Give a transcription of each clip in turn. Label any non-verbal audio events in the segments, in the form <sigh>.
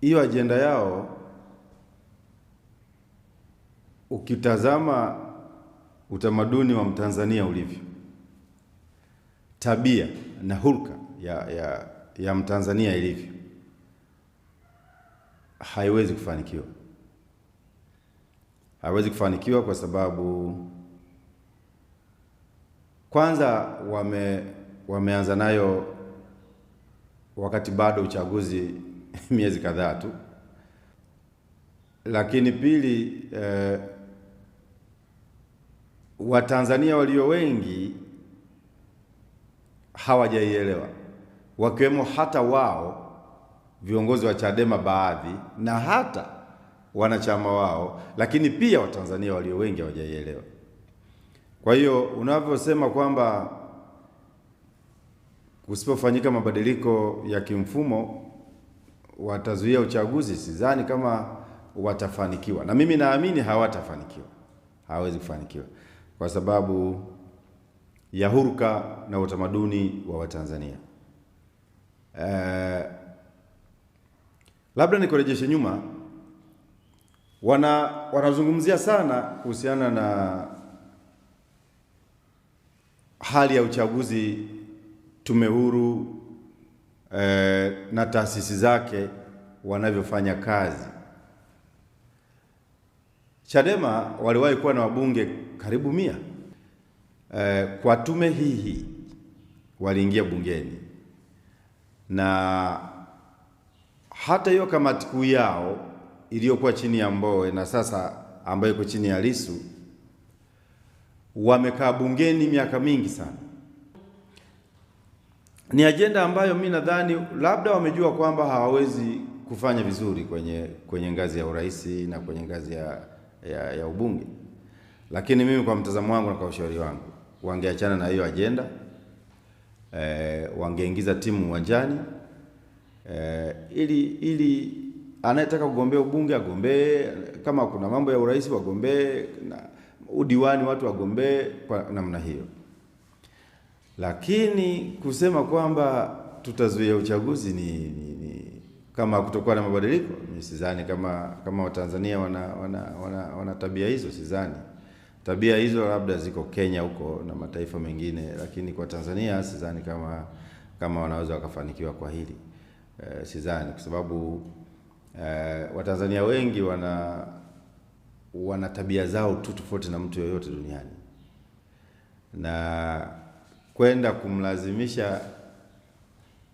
hiyo ajenda yao, ukitazama utamaduni wa Mtanzania ulivyo, tabia na hulka ya, ya, ya Mtanzania ilivyo, haiwezi kufanikiwa, haiwezi kufanikiwa kwa sababu kwanza wame wameanza nayo wakati bado uchaguzi <laughs> miezi kadhaa tu, lakini pili, eh, Watanzania walio wengi hawajaielewa wakiwemo hata wao viongozi wa Chadema baadhi na hata wanachama wao, lakini pia Watanzania walio wengi hawajaielewa. Kwa hiyo unavyosema kwamba kusipofanyika mabadiliko ya kimfumo watazuia uchaguzi, sidhani kama watafanikiwa, na mimi naamini hawatafanikiwa, hawawezi kufanikiwa kwa sababu ya huruka na utamaduni wa Watanzania. Eh, labda nikurejeshe nyuma. Wana wanazungumzia sana kuhusiana na hali ya uchaguzi, tume huru eh, na taasisi zake wanavyofanya kazi. Chadema waliwahi kuwa na wabunge karibu mia eh, kwa tume hii hii waliingia bungeni na hata hiyo kamati kuu yao iliyokuwa chini ya Mbowe na sasa ambayo iko chini ya Lisu wamekaa bungeni miaka mingi sana ni ajenda ambayo mi nadhani labda wamejua kwamba hawawezi kufanya vizuri kwenye, kwenye ngazi ya urais na kwenye ngazi ya, ya, ya ubunge, lakini mimi kwa mtazamo wangu na kwa ushauri wangu wangeachana na hiyo ajenda e, eh, wangeingiza timu uwanjani e, ili ili anayetaka kugombea ubunge agombee, kama kuna mambo ya urais wagombee, na udiwani watu wagombee kwa namna hiyo. Lakini kusema kwamba tutazuia uchaguzi ni, ni, ni kama kutokuwa na mabadiliko, mimi sidhani kama kama Watanzania wana, wana, wana, wana tabia hizo, sidhani tabia hizo labda ziko Kenya huko na mataifa mengine, lakini kwa Tanzania sidhani kama kama wanaweza wakafanikiwa kwa hili e, sidhani kwa sababu e, Watanzania wengi wana wana tabia zao tu tofauti na mtu yoyote duniani na kwenda kumlazimisha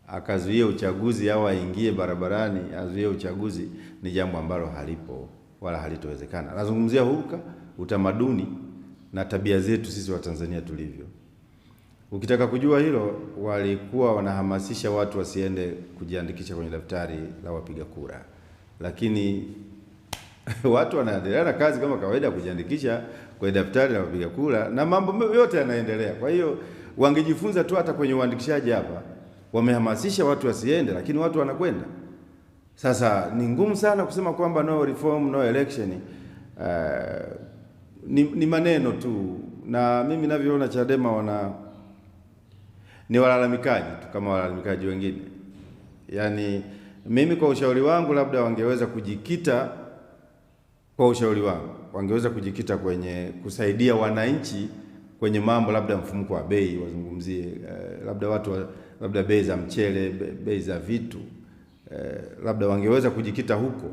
akazuie uchaguzi au aingie barabarani azuie uchaguzi ni jambo ambalo halipo wala halitowezekana. Nazungumzia huka utamaduni na tabia zetu sisi Watanzania tulivyo. Ukitaka kujua hilo, walikuwa wanahamasisha watu wasiende kujiandikisha kwenye daftari la wapiga kura, lakini <laughs> watu wanaendelea na kazi kama kawaida kujiandikisha kwenye daftari la wapiga kura na mambo yote yanaendelea. Kwa hiyo Wangejifunza tu hata kwenye uandikishaji hapa, wamehamasisha watu wasiende, lakini watu wanakwenda. Sasa ni ngumu sana kusema kwamba no reform no election. Uh, ni, ni maneno tu, na mimi ninavyoona Chadema wana ni walalamikaji tu kama walalamikaji wengine. Yaani mimi kwa ushauri wangu, labda wangeweza kujikita, kwa ushauri wangu wangeweza kujikita kwenye kusaidia wananchi kwenye mambo labda mfumuko wa bei wazungumzie, eh, labda watu wa, labda bei za mchele, bei za vitu eh, labda wangeweza kujikita huko,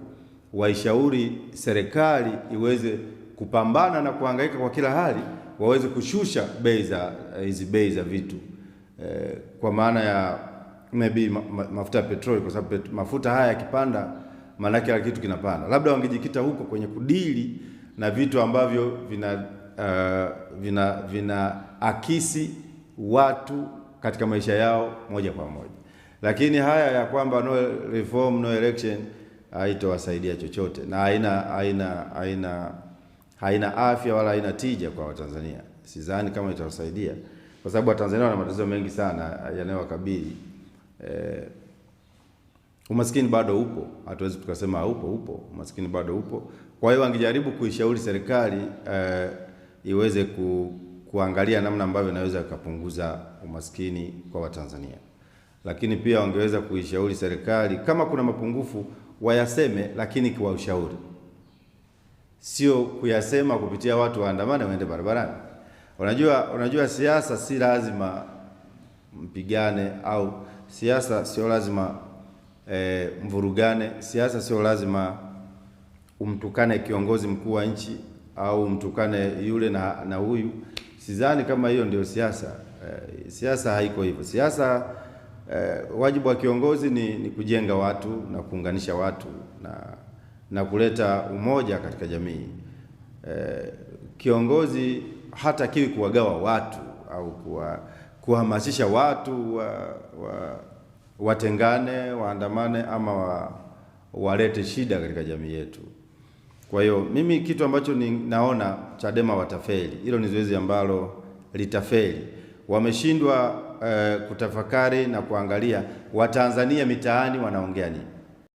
waishauri serikali iweze kupambana na kuhangaika kwa kila hali, waweze kushusha bei za eh, hizi bei za vitu eh, kwa maana ya maybe ma, ma, mafuta ya petroli, kwa sababu mafuta haya yakipanda, maana kila kitu kinapanda. Labda wangejikita huko kwenye kudili na vitu ambavyo vina uh, vina, vina akisi watu katika maisha yao moja kwa moja, lakini haya ya kwamba no reform no election haitowasaidia chochote na haina haina haina haina afya wala haina tija kwa Watanzania. Sidhani kama itawasaidia kwa sababu Watanzania wana matatizo mengi sana yanayowakabili. E, umaskini bado upo, hatuwezi tukasema upo upo umaskini bado upo. Kwa hiyo wangejaribu kuishauri serikali e, iweze ku, kuangalia namna ambavyo inaweza ikapunguza umaskini kwa Watanzania, lakini pia wangeweza kuishauri serikali kama kuna mapungufu wayaseme, lakini kwa ushauri, sio kuyasema kupitia watu waandamane waende barabarani. Unajua, unajua siasa si lazima mpigane au siasa sio lazima e, mvurugane. Siasa sio lazima umtukane kiongozi mkuu wa nchi au mtukane yule na, na huyu. Sidhani kama hiyo ndio siasa. Eh, siasa haiko hivyo. Siasa eh, wajibu wa kiongozi ni, ni kujenga watu na kuunganisha watu na, na kuleta umoja katika jamii. Eh, kiongozi hatakiwi kuwagawa watu au kuwa, kuhamasisha watu wa, wa, watengane, waandamane ama wa, walete shida katika jamii yetu. Kwa hiyo mimi kitu ambacho ni naona Chadema watafeli, hilo ni zoezi ambalo litafeli. Wameshindwa eh, kutafakari na kuangalia Watanzania mitaani wanaongea nini.